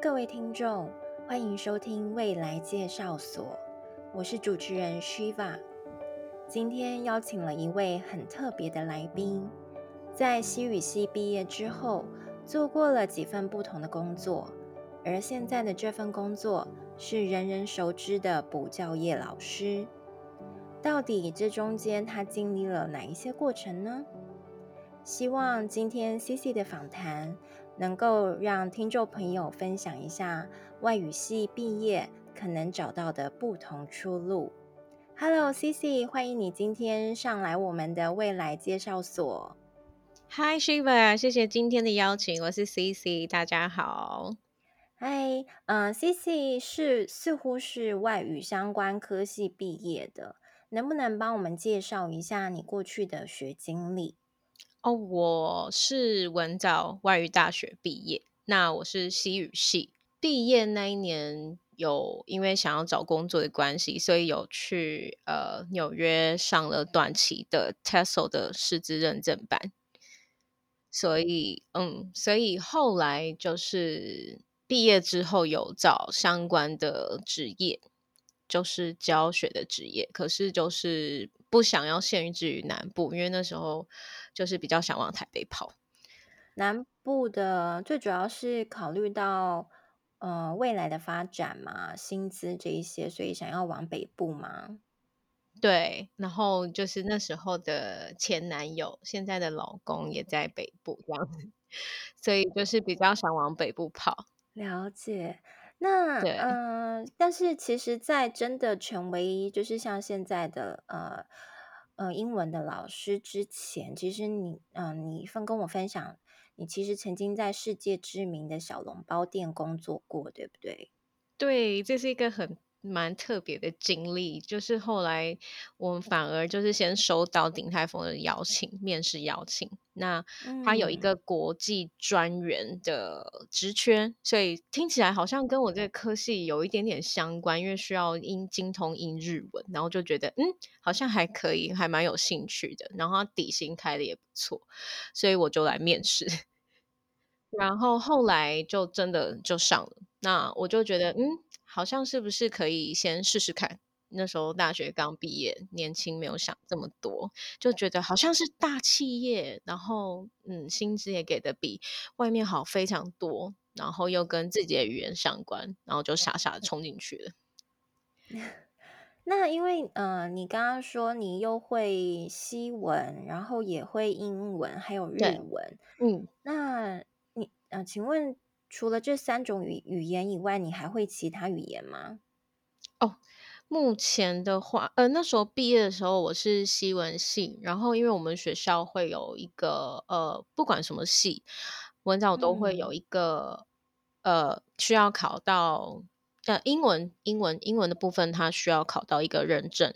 各位聽眾，歡迎收聽未來介紹所。我是主持人 Shiva，今天邀請了一位很特別的來賓。在西語系畢業之後，做過了幾份不同的工作，而現在的這份工作是人人熟知的補教業老師。到底這中間他經歷了哪一些過程呢？希望今天 CC 的訪談。能夠讓聽眾朋友分享一下外語系畢業可能找到的不同出路。Hello，C C，歡迎你今天上來我們的未來介紹所。Hi，Shiva，謝謝今天的邀請，我是 C C，大家好。Hi，嗯，C C 是似乎是外語相關科系畢業的，能不能幫我們介紹一下你過去的學經歷？哦，oh, 我是文藻外語大學畢業，那我是西語系畢業。那一年有因為想要找工作的關係，所以有去呃紐約上了短期的 TESOL 的師資認證班。所以，嗯，所以後來就是畢業之後有找相關的職業，就是教學的職業，可是就是。不想要限制於南部，因為那時候就是比較想往台北跑。南部的最主要是考慮到呃未來的發展嘛，薪資這一些，所以想要往北部嘛。對，然後就是那時候的前男友，現在的老公也在北部，這樣子，所以就是比較想往北部跑。了解。那嗯對、呃，但是其實，在真的成為就是像現在的呃呃英文的老師之前，其實你嗯、呃，你分跟我分享，你其實曾經在世界知名的小籠包店工作過，對不對？對，這是一個很，蠻特別的經歷，就是後來我們反而就是先收到鼎泰豐的邀請，面試邀請。那他有一個國際專員的職缺，嗯、所以聽起來好像跟我這個科系有一點點相關，因為需要英精通英日文，然後就覺得嗯，好像還可以，還蠻有興趣的。然後他底薪開的也不錯，所以我就來面試。然後後來就真的就上了，那我就覺得嗯。好像是不是可以先試試看？那時候大學剛畢業，年輕沒有想這麼多，就覺得好像是大企業，然後嗯，薪資也給得比外面好非常多，然後又跟自己的語言相關，然後就傻傻的衝進去了。那因為嗯、呃，你剛剛說你又會西文，然後也會英文，還有日文，嗯，那你呃，請問？除了這三種語語言以外，你還會其他語言嗎？哦，目前的話，呃，那時候畢業的時候我是西文系，然後因為我們學校會有一個，呃，不管什麼系，文藻都會有一個，嗯、呃，需要考到，呃，英文，英文，英文的部分它需要考到一個認證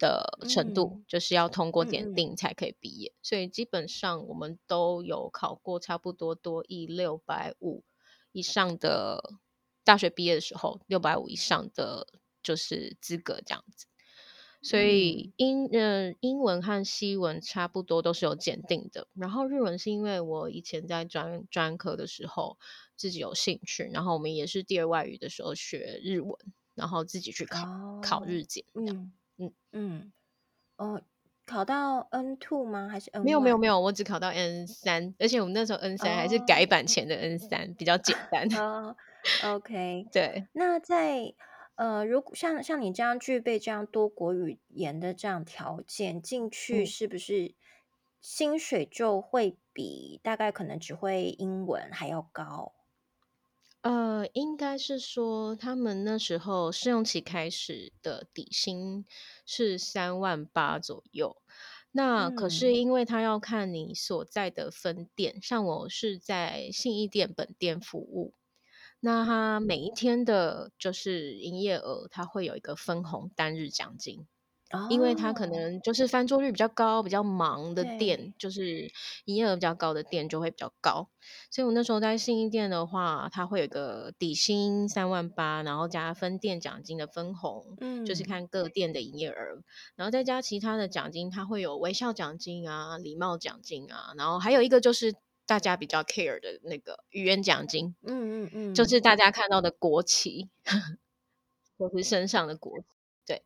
的程度，嗯、就是要通過點定才可以畢業，嗯嗯，所以基本上我們都有考過，差不多多益六百五。以上的大學畢業的時候，六百五以上的就是資格這樣子。所以英、嗯、呃英文和西文差不多都是有檢定的，然後日文是因為我以前在專專科的時候自己有興趣，然後我們也是第二外語的時候學日文，然後自己去考、哦、考日檢、嗯。嗯嗯嗯、哦考到 N two 嗎？還是 N？沒有沒有沒有，我只考到 N 三，而且我們那時候 N 三還是改版前的 N 三，oh, okay. 比較簡單。啊，oh，OK， 對，那在呃，如果像像你這樣具備這樣多國語言的這樣條件，進去是不是薪水就會比大概可能只會英文還要高？嗯呃，應該是說他們那時候試用期開始的底薪是三萬八左右。那可是因為他要看你所在的分店，嗯，像我是在信義店本店服務，那他每一天的就是營業額，他會有一個分紅，單日獎金。因為他可能就是翻桌率比較高、oh. 比較忙的店，對就是營業額比較高的店就會比較高。所以我那時候在信義店的話，它會有個底薪三萬八，然後加分店獎金的分紅，嗯，就是看各店的營業額，然後再加其他的獎金，它會有微笑獎金啊、禮貌獎金啊，然後還有一個就是大家比較 care 的那個語言獎金，嗯嗯嗯，嗯嗯就是大家看到的國旗，呵呵就是身上的國旗。對，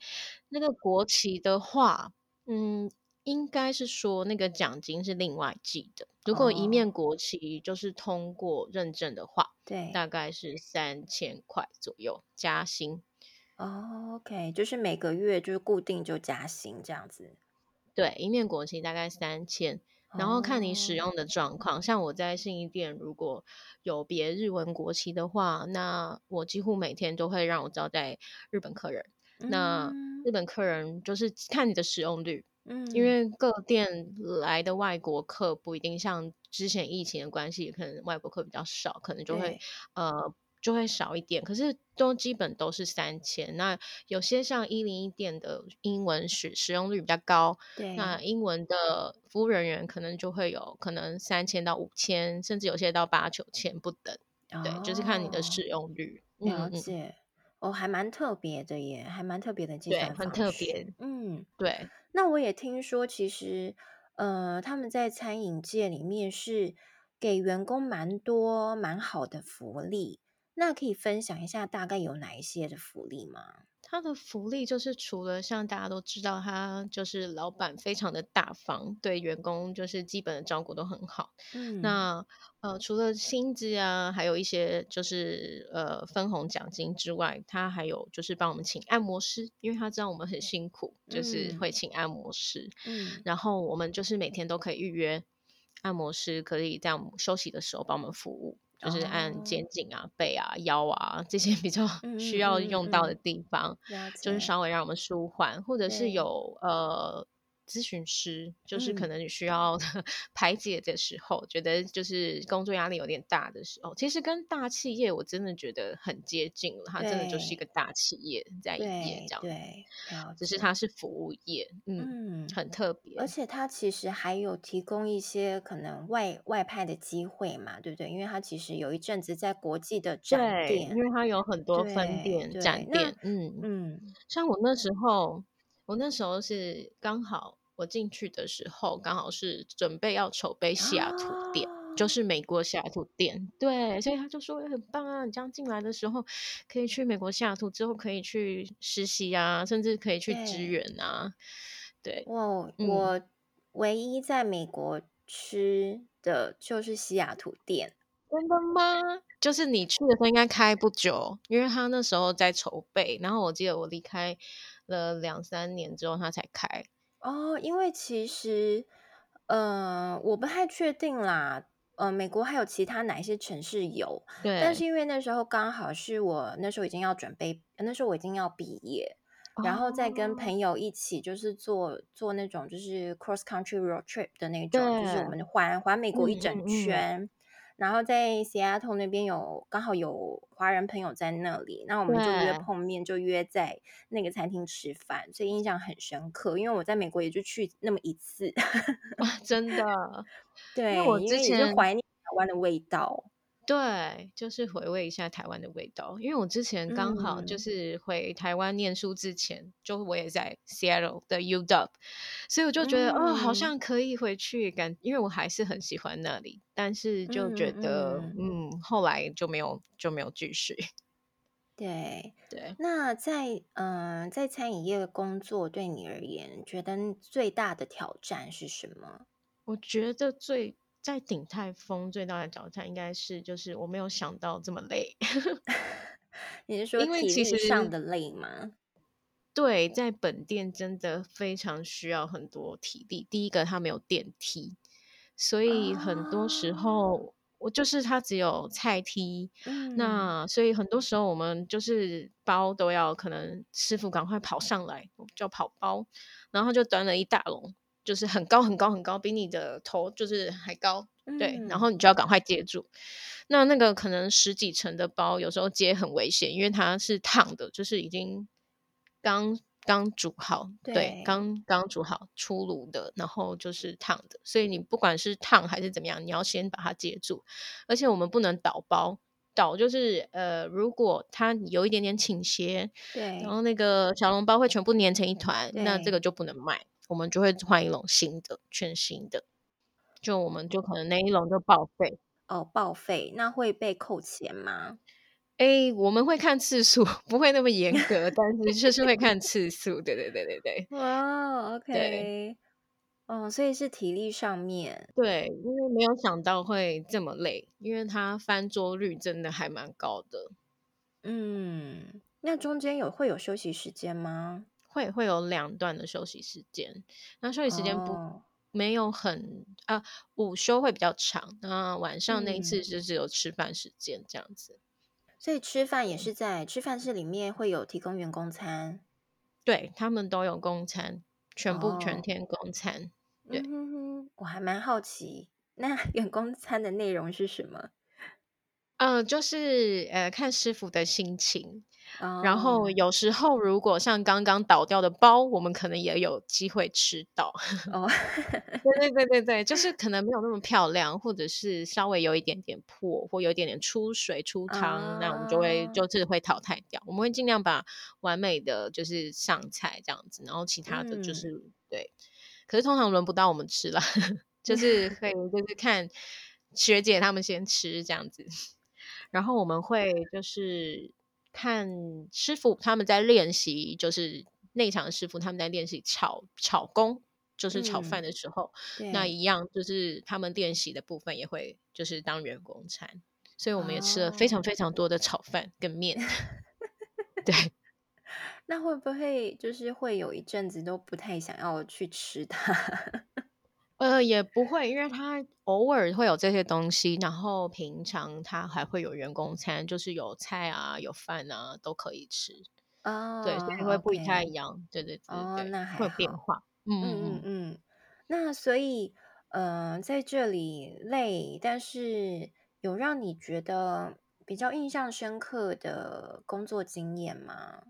那個國旗的話，嗯，應該是說那個獎金是另外計的。如果一面國旗就是通過認證的話，哦、對，大概是三千塊左右加薪。哦，OK，就是每個月就是固定就加薪這樣子。對，一面國旗大概三千，然後看你使用的狀況。哦、像我在信義店，如果有別日文國旗的話，那我幾乎每天都會讓我招待日本客人。那日本客人就是看你的使用率，嗯，因為各店來的外國客不一定，像之前疫情的關係，可能外國客比較少，可能就會對呃，就會少一點。可是都基本都是三千。那有些像一零一店的英文使使用率比較高，對，那英文的服務人員可能就會有可能三千到五千，甚至有些到八九千不等。哦、對，就是看你的使用率。了解。嗯嗯。哦，還蠻特別的耶，還蠻特別的經營方式。對，很特別。嗯，對。那我也聽說，其實，呃，他們在餐飲界裡面是給員工蠻多、蠻好的福利。那可以分享一下，大概有哪一些的福利嗎？他的福利就是除了像大家都知道，他就是老闆非常的大方，對員工就是基本的照顧都很好。嗯、那呃，除了薪資啊，還有一些就是呃分紅獎金之外，他還有就是幫我們請按摩師，因為他知道我們很辛苦，嗯、就是會請按摩師。嗯、然後我們就是每天都可以預約按摩師，可以在我們休息的時候幫我們服務。就是按肩頸啊、oh. 背啊、腰啊這些比較需要用到的地方，嗯嗯嗯、就是稍微讓我們舒緩，嗯、或者是有對呃。諮詢師就是可能你需要排解的時候，嗯、覺得就是工作壓力有點大的時候，哦，其實跟大企業我真的覺得很接近了。對它真的就是一個大企業在一邊這樣，對，對，只是它是服務業，嗯，嗯，很特別。而且它其實還有提供一些可能外外派的機會嘛，對不對？因為它其實有一陣子在國際的展店，因為它有很多分店，展店，那嗯嗯。像我那時候，我那時候是剛好。我進去的時候剛好是準備要籌備西雅圖店，啊、就是美國西雅圖店。對，所以他就說：“欸、很棒啊！你這樣進來的時候，可以去美國西雅圖，之後可以去實習啊，甚至可以去支援啊。”對，對我、嗯、我唯一在美國吃的就是西雅圖店，真的嗎？就是你去的時候應該開不久，因為他那時候在籌備。然後我記得我離開了兩三年之後，他才開。哦，oh, 因為其實，呃，我不太確定啦，呃，美國還有其他哪一些城市有？對但是因為那時候剛好是我那時候已經要準備，那時候我已經要畢業，oh. 然後再跟朋友一起就是做做那種就是 cross country road trip 的那種，對就是我們環環美國一整圈。嗯嗯然後在西雅圖那邊有剛好有華人朋友在那裡，那我們就約碰面，對就約在那個餐廳吃飯，所以印象很深刻。因為我在美國也就去那麼一次， 真的，對，我因為也是懷念台灣的味道。對，就是回味一下台灣的味道。因為我之前剛好就是回台灣念書之前，嗯、就我也在 Seattle 的 Udub，所以我就覺得、嗯、哦，好像可以回去感，因為我還是很喜歡那裡，但是就覺得嗯，嗯，嗯，後來就沒有就沒有繼續。對對，對，那在嗯、呃、在餐飲業的工作對你而言，覺得最大的挑戰是什麼？我覺得最。在鼎泰豐最大的挑戰應該是，就是我沒有想到這麼累。 你是說體力上的累嗎？對，在本店真的非常需要很多體力。第一個，它沒有電梯，所以很多時候我、啊、就是它只有菜梯。嗯、那所以很多時候我們就是包都要可能師傅趕快跑上來，我叫跑包，然後就端了一大籠，就是很高很高很高，比你的頭就是還高，嗯、對。然後你就要趕快接住。那那個可能十幾層的包，有時候接很危險，因為它是燙的，就是已經剛剛煮好，對，剛剛煮好出爐的，然後就是燙的。所以你不管是燙還是怎麼樣，你要先把它接住。而且我們不能倒包，倒就是呃，如果它有一點點傾斜，對。然後那個小籠包會全部粘成一團，對那這個就不能賣。我們就會換一籠新的，全新的，就我們就可能那一籠就報廢哦，okay. oh, 報廢那會被扣錢嗎？哎，我們會看次數，不會那麼嚴格， 但是就是會看次數，對對對對對。哇，oh，OK，哦對，oh, 所以是體力上面，對，因為沒有想到會這麼累，因為它翻桌率真的還蠻高的。嗯，那中間有會有休息時間嗎？會會有兩段的休息時間，那休息時間不、Oh. 沒有很啊、呃，午休會比較長，那晚上那一次就是有吃飯時間這樣子，嗯，所以吃飯也是在吃飯室裡面會有提供員工餐，對，他們都有供餐，全部全天供餐。Oh. 對，我還蠻好奇，那員工餐的內容是什麼？嗯、呃，就是呃，看師傅的心情。Oh. 然後有時候，如果像剛剛倒掉的包，我們可能也有機會吃到。哦 ，oh. 對對對對對，就是可能沒有那麼漂亮，或者是稍微有一點點破，或有一點點出水出湯，oh. 那我們就會就是會淘汰掉。我們會盡量把完美的就是上菜這樣子，然後其他的就是、嗯、對，可是通常輪不到我們吃了， 就是可以就是看學姐他們先吃這樣子，然後我們會就是。看師傅他們在練習，就是內場師傅他們在練習炒炒功，就是炒飯的時候，嗯、那一樣就是他們練習的部分也會就是當員工餐，所以我們也吃了非常非常多的炒飯跟麵。哦、 對，那會不會就是會有一陣子都不太想要去吃它？呃，也不會，因為他偶爾會有這些東西，然後平常他還會有員工餐，就是有菜啊、有飯啊都可以吃啊。Oh, 對，所以會不太一樣。okay. 對對對對，oh, that 會變化。嗯還好。嗯嗯嗯。那所以，呃，在這裡累，但是有讓你覺得比較印象深刻的工作經驗嗎？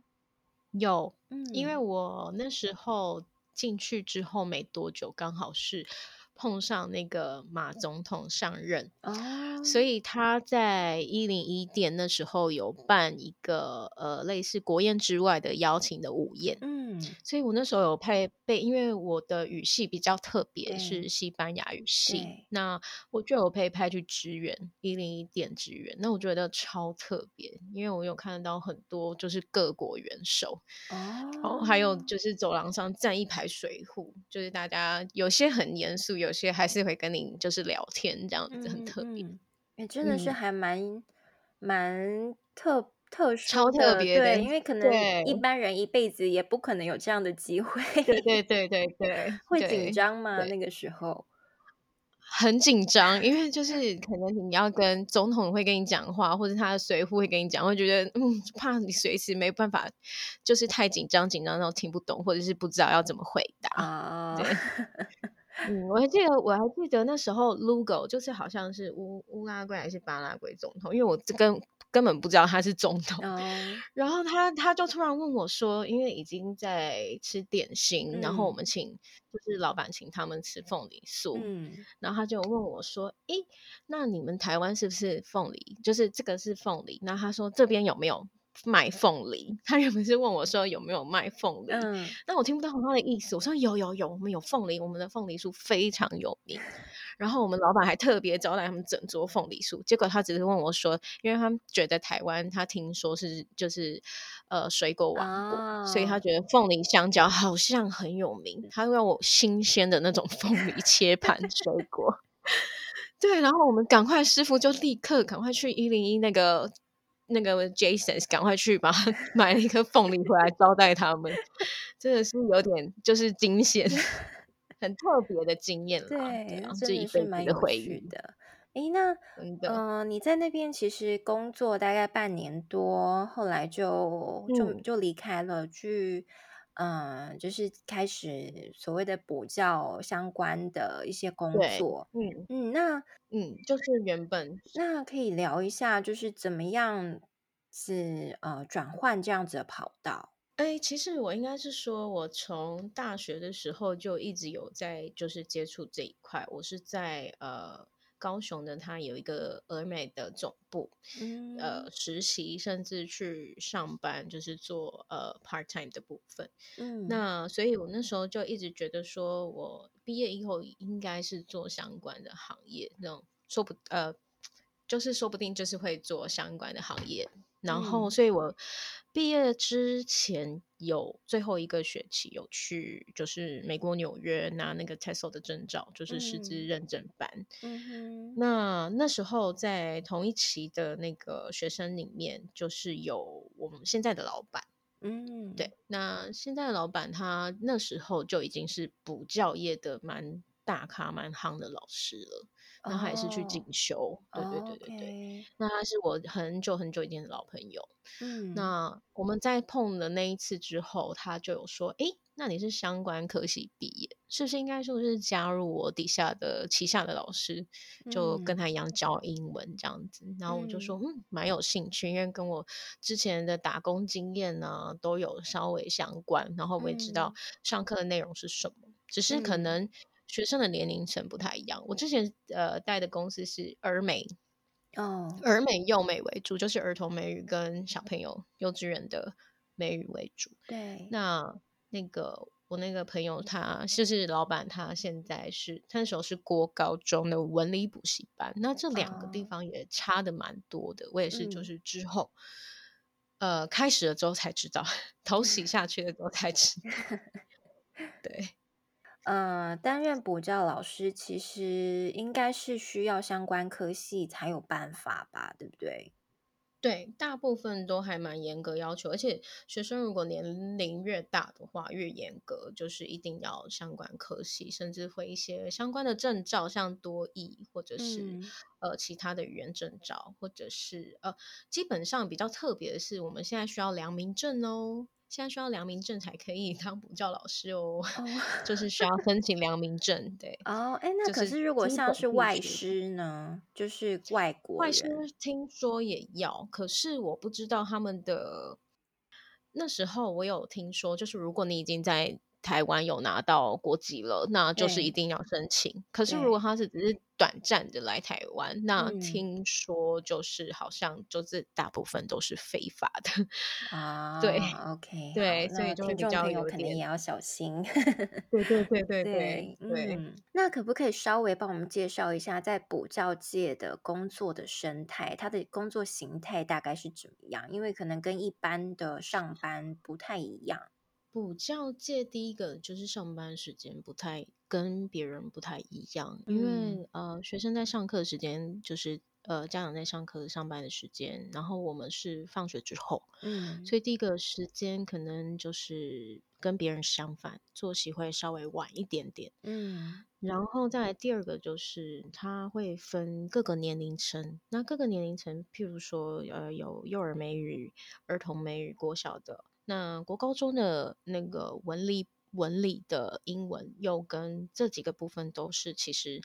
有，嗯、因為我那時候。進去之後沒多久，剛好是碰上那個馬總統上任，oh. 所以他在一零一店那時候有辦一個呃類似國宴之外的邀請的午宴。嗯，所以我那時候有配，被，因為我的語系比較特別，對是西班牙語系，對那我就有被派去支援一零一店支援。那我覺得超特別，因為我有看到很多就是各國元首，哦，還有就是走廊上站一排隨扈，就是大家有些很嚴肅，有些還是會跟你就是聊天，這樣子，嗯、很特別。哎，真的是還蠻蠻、嗯、特。特殊，超特別，對，因為可能一般人一輩子也不可能有這樣的機會。對對對對，對，對，會緊張嗎？對對對，那個時候很緊張，因為就是可能你要跟總統會跟你講話，或者他的隨扈會跟你講，會覺得嗯，怕你隨時沒辦法，就是太緊張，緊張到聽不懂，或者是不知道要怎麼回答啊。Oh. 對、 嗯，我還記得，我還記得那時候 Lugo 就是好像是烏烏拉圭還是巴拉圭總統，因為我跟。嗯根本不知道他是總統，uh, 然後他他就突然問我說，因為已經在吃點心，嗯，然後我們請就是老闆請他們吃鳳梨酥，嗯，然後他就問我說，誒，欸，那你們台灣是不是鳳梨？就是這個是鳳梨，那他說這邊有沒有？賣鳳梨，他原本是問我說有沒有賣鳳梨，嗯、但我聽不到他的意思。我說有有有，我們有鳳梨，我們的鳳梨酥非常有名。然後我們老闆還特別招待他們整桌鳳梨酥。結果他只是問我說，因為他覺得台灣他聽說是就是呃水果王、哦、所以他覺得鳳梨、香蕉好像很有名。他問我新鮮的那種鳳梨切盤水果， 對，然後我們趕快師傅就立刻趕快去一零一那個。那個 Jason，趕快去吧，買了一顆鳳梨回來招待他們， 真的是有點就是驚險， 很特別的經驗，對，真的是蠻有趣的。哎、欸，那嗯的、呃，你在那邊其實工作大概半年多，後來就就、嗯、就離開了，去。嗯，就是開始所謂的補教相關的一些工作。對，嗯嗯，那嗯，就是原本是那，可以聊一下，就是怎麼樣是呃轉換這樣子的跑道？誒、欸，其實我應該是說，我從大學的時候就一直有在就是接觸這一塊。我是在呃。高雄的它有一個俄美的總部，嗯，呃，實習甚至去上班，就是做呃 part time 的部分，嗯，那所以我那時候就一直覺得說，我畢業以後應該是做相關的行業，那種說不呃，就是說不定就是會做相關的行業，然後，所以我，嗯畢業之前有最後一個學期有去，就是美國紐約拿那個 TESOL 的證照，就是師資認證班。嗯哼，那那時候在同一期的那個學生裡面，就是有我們現在的老闆。嗯，對，那現在的老闆他那時候就已經是補教業的蠻大咖、蠻夯的老師了。那他也是去進修，oh, 對對對對對。Oh, okay。那他是我很久很久以前的老朋友。嗯。那我們在碰的那一次之後，他就有說：“誒、欸，那你是相關科系畢業，是不是應該就是，是加入我底下的旗下的老師，就跟他一樣教英文這樣子？”嗯、然後我就說：“嗯，蠻有興趣，因為跟我之前的打工經驗呢、啊、都有稍微相關，然後我也知道上課的內容是什麼，嗯、只是可能。”學生的年齡層不太一樣。我之前呃帶的公司是兒美，oh. 兒美幼美為主，就是兒童美語跟小朋友、幼稚園的美語為主。對，那那個我那個朋友他就是老闆，他現在是他那時候是國高中的文理補習班。那這兩個地方也差的蠻多的。Oh. 我也是，就是之後、嗯、呃開始了之後才知道，頭洗下去的時候才知道， 對。嗯，擔任、呃、補教老師其實應該是需要相關科系才有辦法吧，對不對？對，大部分都還蠻嚴格要求，而且學生如果年齡越大的話越嚴格，就是一定要相關科系，甚至會一些相關的證照，像多益或者是、嗯、呃其他的語言證照，或者是呃基本上比較特別的是，我們現在需要良民證哦。現在需要良民證才可以當補教老師哦，oh. 就是需要申請良民證。對哦，哎、oh, 欸，那可是如果像是外師呢，就是外國外師，聽說也要，可是我不知道他們的那時候我有聽說，就是如果你已經在。台灣有拿到國籍了，那就是一定要申請。可是如果他是只是短暫的來台灣，那聽說就是好像就是大部分都是非法的啊。對，OK，對，所以聽眾朋友肯定也要小心。對對對對對，嗯，那可不可以稍微幫我們介紹一下在補教界的工作的生態？他的工作形態大概是怎麼樣？因為可能跟一般的上班不太一樣。補教界第一個就是上班時間不太跟別人不太一樣，嗯、因為呃學生在上課時間就是呃家長在上課上班的時間，然後我們是放學之後，嗯，所以第一個時間可能就是跟別人相反，作息會稍微晚一點點，嗯，然後再來第二個就是他會分各個年齡層，那各個年齡層，譬如說呃有幼兒美語、兒童美語、國小的。那國高中的那個文理、文理的英文，又跟這幾個部分都是其實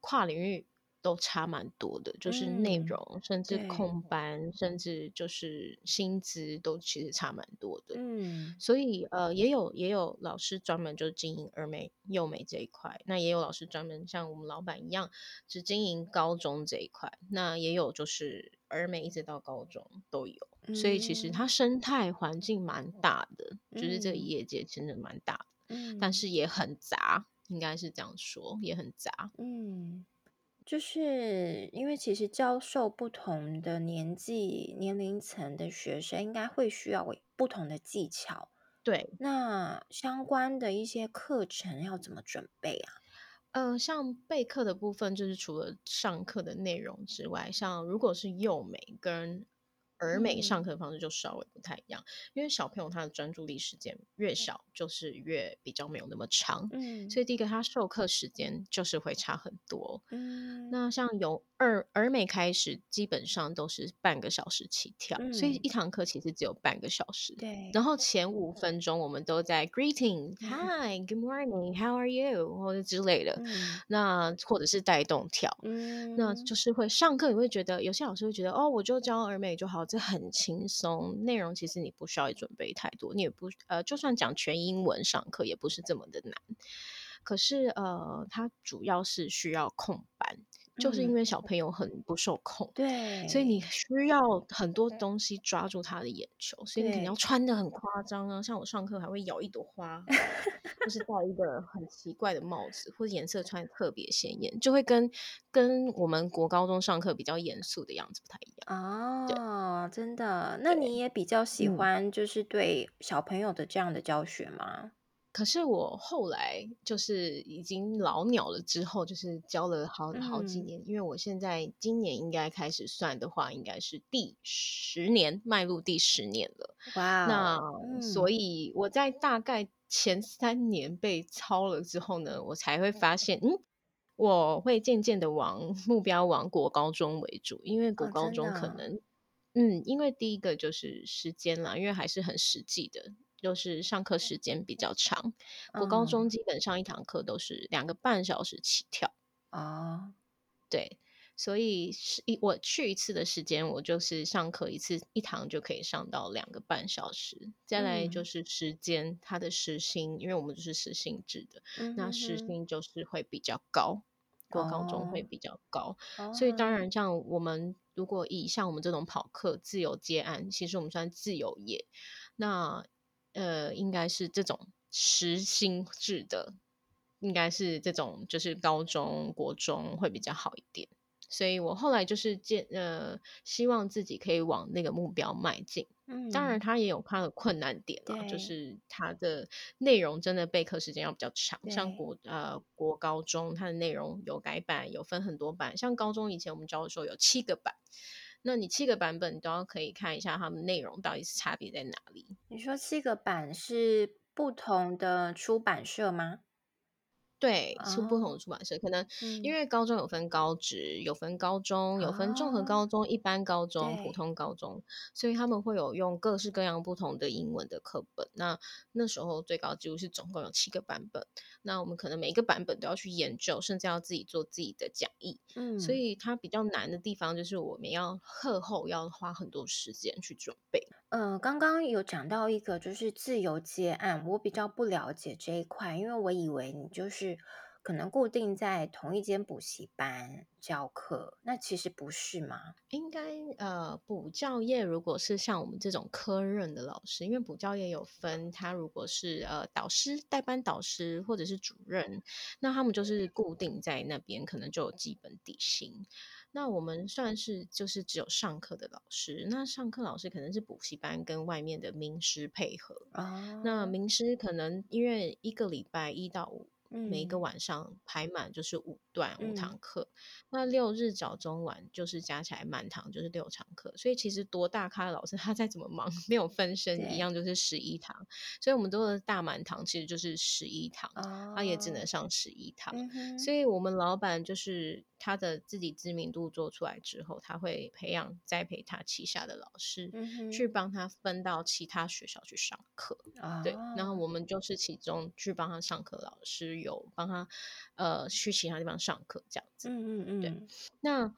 跨領域。都差蠻多的，就是內容，嗯、甚至空班，對甚至就是薪資都其實差蠻多的。嗯，所以呃，也有也有老師專門就經營兒美幼美這一塊，那也有老師專門像我們老闆一樣只經營高中這一塊，那也有就是兒美一直到高中都有。嗯、所以其實它生態環境蠻大的，就是這個業界真的蠻大的，嗯，但是也很雜，應該是這樣說，也很雜。嗯。就是因為其實教授不同的年紀、年齡層的學生，應該會需要不同的技巧。對，那相關的一些課程要怎麼準備啊？嗯、呃，像備課的部分，就是除了上課的內容之外，像如果是幼美跟。兒美上課的方式就稍微不太一樣，嗯、因為小朋友他的專注力時間越小，嗯、就是越比較沒有那麼長。嗯，所以第一個他授課時間就是會差很多。嗯、那像由兒兒美開始，基本上都是半個小時起跳，嗯、所以一堂課其實只有半個小時。對、嗯。然後前五分鐘我們都在 greeting，hi，good、嗯、morning，how are you 或者之類的。嗯、那或者是帶動跳。嗯、那就是會上課你會覺得有些老師會覺得哦，我就教兒美就好。這很輕鬆，內容其實你不需要準備太多，你也不呃，就算講全英文上課也不是這麼的難。可是呃，它主要是需要空班。就是因為小朋友很不受控，對，所以你需要很多東西抓住他的眼球，所以你要穿得很誇張啊，對像我上課還會咬一朵花，就 是戴一個很奇怪的帽子，或者顏色穿的特別鮮艷，就會跟跟我們國高中上課比較嚴肅的樣子不太一樣啊，哦、對真的。那你也比較喜歡就是對小朋友的這樣的教學嗎？嗯可是我後來就是已經老鳥了，之後就是教了好好幾年，嗯、因為我現在今年應該開始算的話，應該是第十年邁入第十年了。哇，那所以我在大概前三年被超了之後呢，我才會發現，嗯，嗯，我會漸漸的往目標往國高中為主，因為國高中可能，哦、嗯，因為第一個就是時間啦，因為還是很實際的。就是上課時間比較長，我高中基本上一堂課都是兩個半小時起跳啊。Oh. Oh. 對，所以一我去一次的時間，我就是上課一次一堂就可以上到兩個半小時。再來就是時間，它的時薪，因為我們就是時薪制的，mm hmm. 那時薪就是會比較高，我高中會比較高。Oh. Oh. 所以當然，像我們如果以像我們這種跑課、自由接案，其實我們算自由業，那。呃，應該是這種實心制的，應該是這種就是高中、國中會比較好一點。所以我後來就是建呃，希望自己可以往那個目標邁進。嗯。當然它也有它的困難點了，對就是它的內容真的備課時間要比較長，對像國呃國高中它的內容有改版，有分很多版，像高中以前我們教的時候有七個版。那你七個版本都要可以看一下，他們內容到底是差別在哪裡？你說七個版是不同的出版社嗎？對，出、oh. 不同的出版社，可能因為高中有分高職，嗯、有分高中，有分綜合高中、oh. 一般高中、對普通高中，所以他們會有用各式各樣不同的英文的課本。那那時候最高紀錄是總共有七個版本。那我們可能每一個版本都要去研究，甚至要自己做自己的講義。嗯，所以它比較難的地方就是我們要課後要花很多時間去準備。呃，剛剛有講到一個就是自由接案，我比較不了解這一塊，因為我以為你就是可能固定在同一間補習班教課，那其實不是嗎？應該呃，補教業如果是像我們這種科任的老師，因為補教業有分，他如果是呃導師、代班導師或者是主任，那他們就是固定在那邊，可能就有基本底薪。那我們算是就是只有上課的老師，那上課老師可能是補習班跟外面的名師配合啊。那名師可能因為一個禮拜一到五。嗯、每一個晚上排滿就是五段五堂課，嗯、那六日早中晚就是加起來滿堂就是六堂課，所以其實多大咖的老師他再怎麼忙，沒有分身一樣就是十一堂，對所以我們都是大滿堂其實就是十一堂，哦、他也只能上十一堂，嗯、哼所以我們老闆就是他的自己知名度做出來之後，他會培養栽培他旗下的老師，嗯、哼去幫他分到其他學校去上課，哦、對，然後我們就是其中去幫他上課老師。有幫他呃去其他地方上課這樣子，嗯嗯嗯，對。那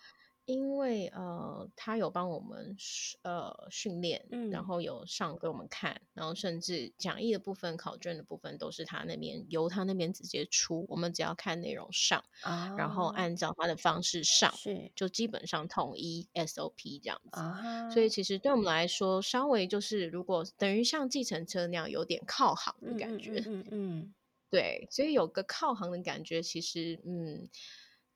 因為呃他有幫我們呃訓練，嗯、然後有上給我們看，然後甚至講義的部分，考卷的部分都是他那邊由他那邊直接出，我們只要看內容上，哦、然後按照他的方式上，是就基本上統一 SOP 這樣子，啊、所以其實對我們來說，稍微就是如果等於像計程車那樣有點靠行的感覺，嗯嗯，嗯，嗯嗯。對，所以有個靠行的感覺，其實嗯，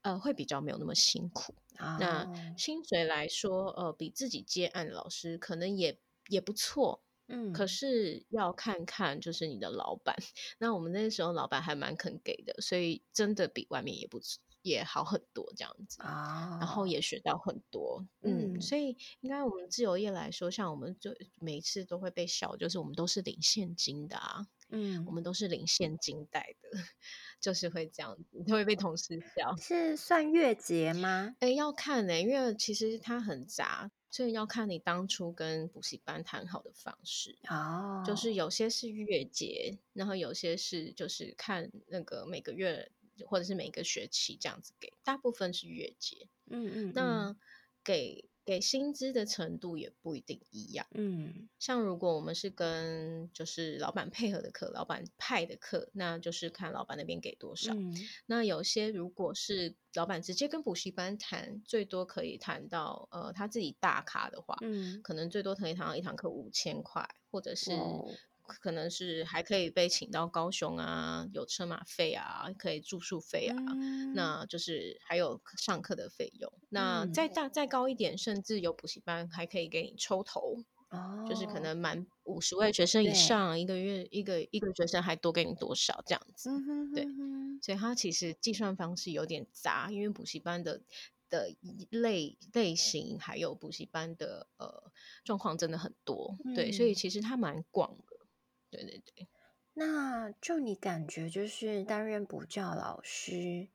呃，會比較沒有那麼辛苦。啊，那薪水來說，呃，比自己接案的老師可能也也不錯，嗯。可是要看看就是你的老闆。那我們那時候老闆還蠻肯給的，所以真的比外面也不錯，也好很多這樣子啊。然後也學到很多，嗯。嗯所以應該我們自由業來說，像我們就每一次都會被笑，就是我們都是領現金的啊。嗯，我們都是領現金袋的，就是會這樣子，都會被同事笑。是算月結嗎？哎、欸，要看呢、欸，因為其實它很雜，所以要看你當初跟補習班談好的方式哦，就是有些是月結，然後有些是就是看那個每個月或者是每個學期這樣子給。大部分是月結，嗯，嗯嗯，那給。給薪資的程度也不一定一樣。嗯，像如果我們是跟就是老闆配合的課，老闆派的課，那就是看老闆那邊給多少。嗯。那有些如果是老闆直接跟補習班談，最多可以談到，呃，他自己大咖的話，嗯，可能最多可以談到一堂課五千塊，或者是。哦。可能是還可以被請到高雄啊，有車馬費啊，可以住宿費啊，嗯、那就是還有上課的費用。嗯、那再大再高一點，甚至有補習班還可以給你抽頭，哦、就是可能滿五十位學生以上，對一個月一個一個學生還多給你多少這樣子。嗯、哼哼哼對，所以他其實計算方式有點雜，因為補習班的的一類類型還有補習班的呃狀況真的很多，嗯、對，所以其實他蠻廣的。對對對，那就你感覺就是擔任補教老師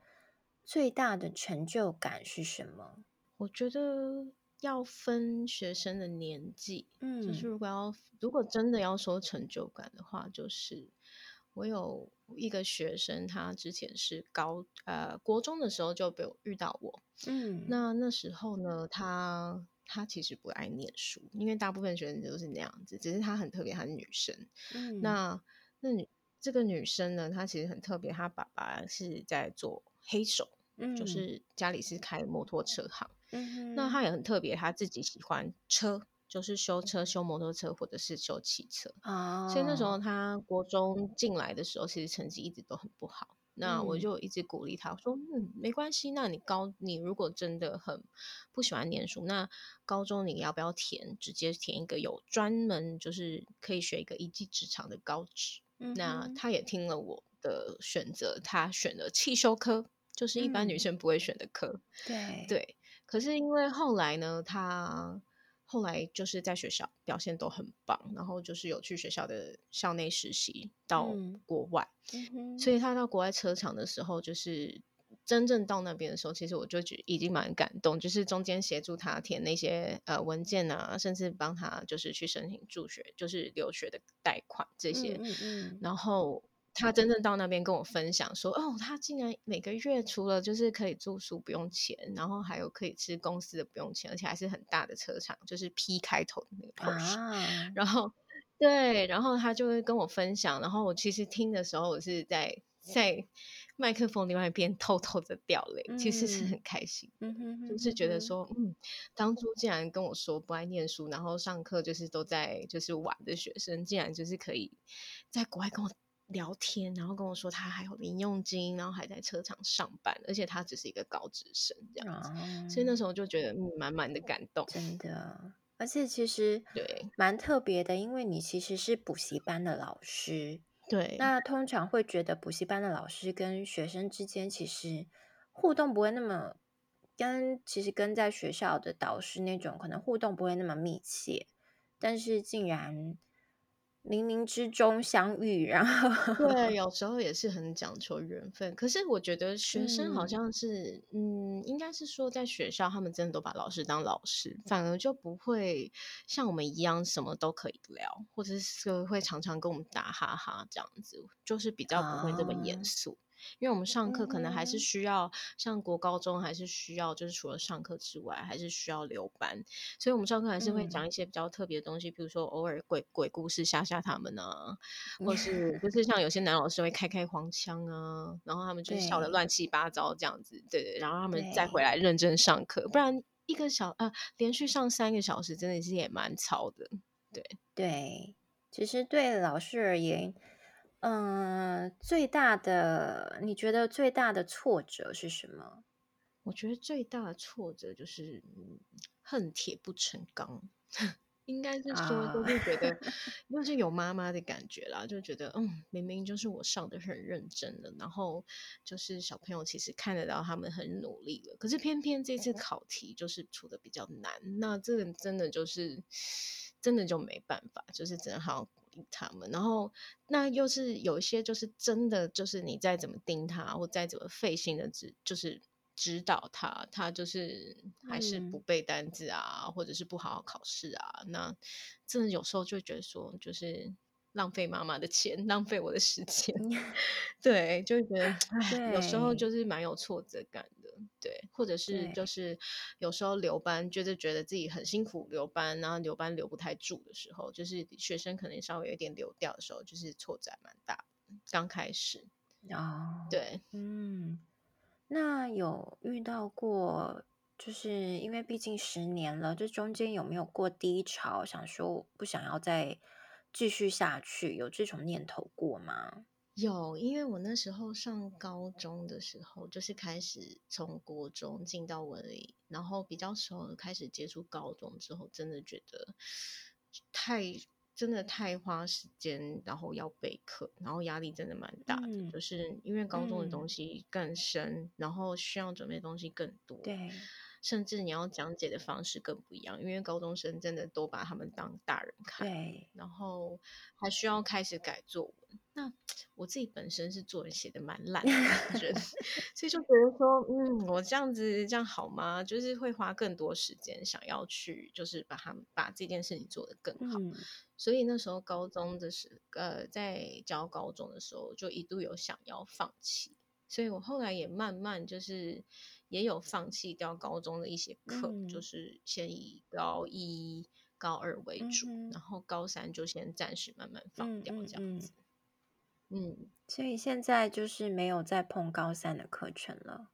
最大的成就感是什麼？我覺得要分學生的年紀，嗯，就是如果要如果真的要說成就感的話，就是我有一個學生，他之前是高呃國中的時候就被我遇到我，嗯，那那時候呢，他。他其實不愛念書，因為大部分學生都是那樣子。只是他很特別，他是女生。嗯、那那女這個女生呢，她其實很特別。她爸爸是在做黑手，嗯、就是家裡是開摩托車行。嗯、那她也很特別，她自己喜歡車，就是修車、修摩托車或者是修汽車啊。哦、所以那時候她國中進來的時候，其實成績一直都很不好。那我就一直鼓勵他說，我說嗯，嗯，沒關係，那你高你如果真的很不喜歡念書，那高中你要不要填直接填一個有專門就是可以學一個一技之長的高職？嗯哼。那他也聽了我的選擇，他選了汽修科，就是一般女生不會選的科。嗯、對對，可是因為後來呢，他。後來就是在學校表現都很棒，然後就是有去學校的校內實習到國外，嗯、所以他到國外車廠的時候，就是真正到那邊的時候，其實我就已經蠻感動，就是中間協助他填那些呃文件啊，甚至幫他就是去申請助學，就是留學的貸款這些，嗯嗯嗯、然後。他真正到那邊跟我分享說：“哦，他竟然每個月除了就是可以住宿不用錢，然後還有可以吃公司的不用錢，而且還是很大的車廠，就是 P 開頭的那個東、啊、然後，對，然後他就會跟我分享。然後我其實聽的時候，我是在在麥克風另外一邊偷偷的掉淚，其實是很開心，嗯、就是覺得說，嗯，當初竟然跟我說不愛念書，然後上課就是都在就是玩的學生，竟然就是可以在國外跟我。”聊天，然後跟我說他還有零用金，然後還在車廠上班，而且他只是一個高職生這樣子，嗯、所以那時候就覺得滿滿的感動、嗯。真的，而且其實對蠻特別的，因為你其實是補習班的老師，對，那通常會覺得補習班的老師跟學生之間其實互動不會那麼跟，其實跟在學校的導師那種可能互動不會那麼密切，但是竟然。冥冥之中相遇，啊，然後對，有時候也是很講求緣分。可是我覺得學生好像是，嗯，嗯，應該是說在學校，他們真的都把老師當老師，反而就不會像我們一樣什麼都可以聊，或者是會常常跟我們打哈哈這樣子，就是比較不會那麼嚴肅。啊因為我們上課可能還是需要像國高中，還是需要就是除了上課之外，還是需要留班，所以我們上課還是會講一些比較特別的東西，比如說偶爾鬼鬼故事嚇嚇他們呢、啊，或是就是像有些男老師會開開黃腔啊，然後他們就笑得亂七八糟這樣子，對對，然後他們再回來認真上課，不然一個小呃連續上三個小時真的是也蠻吵的，對對，其實對老師而言。嗯、呃，最大的你覺得最大的挫折是什麼？我覺得最大的挫折就是恨鐵不成鋼， 應該是說、啊、都會覺得 就是有媽媽的感覺啦，就覺得嗯，明明就是我上得很認真的，然後就是小朋友其實看得到他們很努力了，可是偏偏這次考題就是出的比較難，嗯嗯，那這個真的就是，真的就沒辦法，就是只能好。他們，然後那又是有一些，就是真的，就是你再怎麼盯他，或再怎麼費心的指，就是指導他，他就是還是不背單字啊，嗯、或者是不好好考試啊。那真的有時候就覺得說，就是浪費媽媽的錢，浪費我的時間，嗯、 對，就會覺得哎，有時候就是蠻有挫折感。對，或者是就是有時候留班，對就是覺得自己很辛苦留班，然後留班留不太住的時候，就是學生可能稍微有點流掉的時候，就是挫折蠻大的。剛開始啊，哦、對，嗯，那有遇到過，就是因為畢竟十年了，這中間有沒有過低潮，想說我不想要再繼續下去，有這種念頭過嗎？有，因為我那時候上高中的時候，就是開始從國中進到文理，然後比較熟，開始接觸高中之後，真的覺得太真的太花時間，然後要備課，然後壓力真的蠻大的，嗯、就是因為高中的東西更深，嗯、然後需要準備的東西更多，對，甚至你要講解的方式更不一樣，因為高中生真的都把他們當大人看，對，然後還需要開始改作文。那我自己本身是作文寫的蠻爛的，我覺得， 所以就覺得說，嗯，我這樣子這樣好嗎？就是會花更多時間想要去，就是把他們把這件事情做得更好。嗯、所以那時候高中的時，呃，在教高中的時候，就一度有想要放棄。所以我後來也慢慢就是也有放棄掉高中的一些課，嗯、就是先以高一、高二為主，嗯、哼然後高三就先暫時慢慢放掉這樣子。嗯嗯嗯嗯，所以現在就是沒有再碰高三的課程了。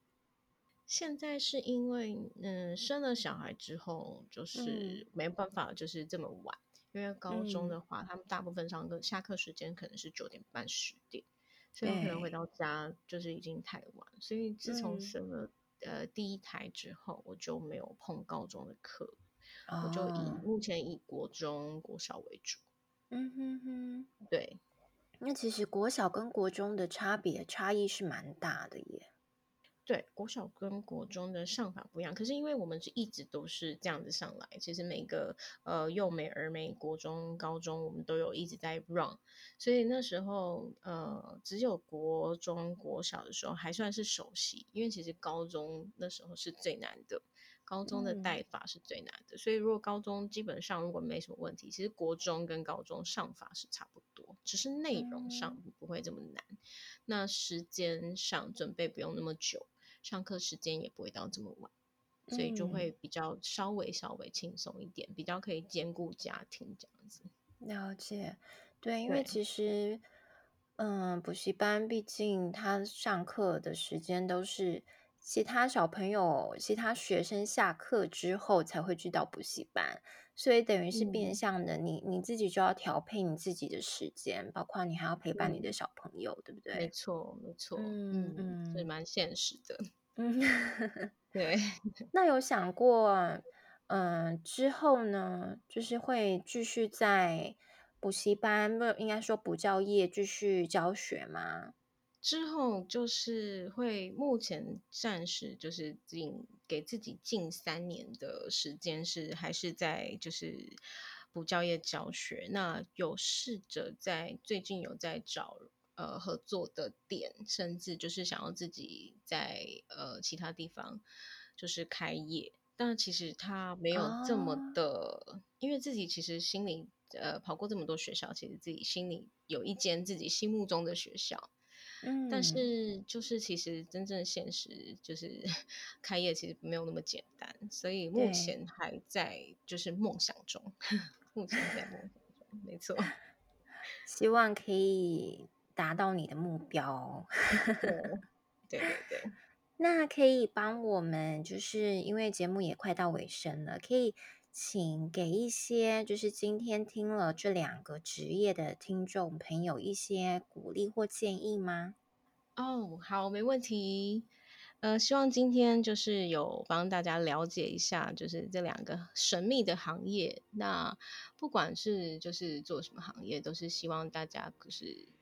現在是因為嗯生了小孩之後，就是沒辦法，就是這麼晚。嗯、因為高中的話，嗯、他們大部分上課下課時間可能是九點半十點，嗯、所以可能回到家就是已經太晚。對所以自從生了對呃第一胎之後，我就沒有碰高中的課，哦、我就以目前以國中國小為主。嗯哼哼，對。那其實國小跟國中的差別差異是蠻大的耶。對，國小跟國中的上法不一樣。可是因為我們是一直都是這樣子上來，其實每個呃幼美、兒美、國中、高中，我們都有一直在 run，所以那時候呃只有國中、國小的時候還算是熟悉，因為其實高中那時候是最難的，高中的帶法是最難的。嗯。所以如果高中基本上如果沒什麼問題，其實國中跟高中上法是差不多。只是內容上不會這麼難，嗯、那時間上準備不用那麼久，上課時間也不會到這麼晚，所以就會比較稍微稍微輕鬆一點，嗯、比較可以兼顧家庭這樣子。了解，對，因為其實，對嗯，補習班畢竟他上課的時間都是其他小朋友、其他學生下課之後才會去到補習班。所以等於是變相的，嗯、你你自己就要調配你自己的時間，包括你還要陪伴你的小朋友，嗯、對不對？沒錯，沒錯，嗯，是、嗯、蠻現實的。嗯， 對。 那有想過，嗯、呃，之後呢，就是會繼續在補習班，不，應該說補教業繼續教學嗎？之後就是會，目前暫時就是近給自己近三年的時間，是還是在就是補教業教學。那有試着在最近有在找呃合作的點，甚至就是想要自己在呃其他地方就是開業。但其實他沒有這麼的，oh. 因為自己其實心裡呃跑過這麼多學校，其實自己心裡有一間自己心目中的學校。但是，就是其實真正現實就是開業，其實沒有那麼簡單，所以目前還在就是夢想中。對目前在夢想中，沒錯。希望可以達到你的目標。 對，對對對。那可以幫我們，就是因為節目也快到尾聲了，可以。請給一些就是今天聽了這兩個職業的聽眾朋友一些鼓勵或建議嗎？哦，oh, 好，沒問題。呃，希望今天就是有幫大家了解一下，就是這兩個神秘的行業。那不管是就是做什麼行業，都是希望大家就是。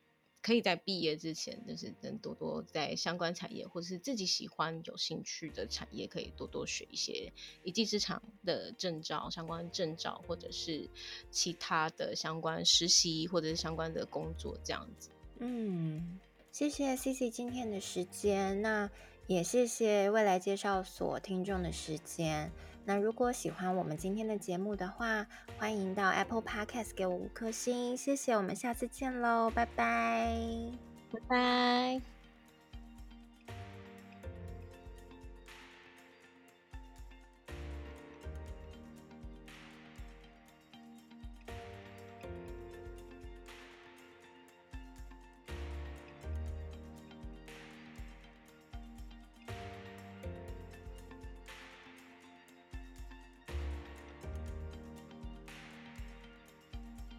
可以在畢業之前，就是能多多在相關產業或者是自己喜歡、有興趣的產業，可以多多學一些一技之長的證照、相關證照，或者是其他的相關實習或者是相關的工作這樣子。嗯，謝謝 CC 今天的時間，那也謝謝未來介紹所聽眾的時間。那如果喜歡我們今天的節目的話，歡迎到 Apple Podcast 給我五顆星，謝謝。我們下次見嘍，拜拜。拜拜。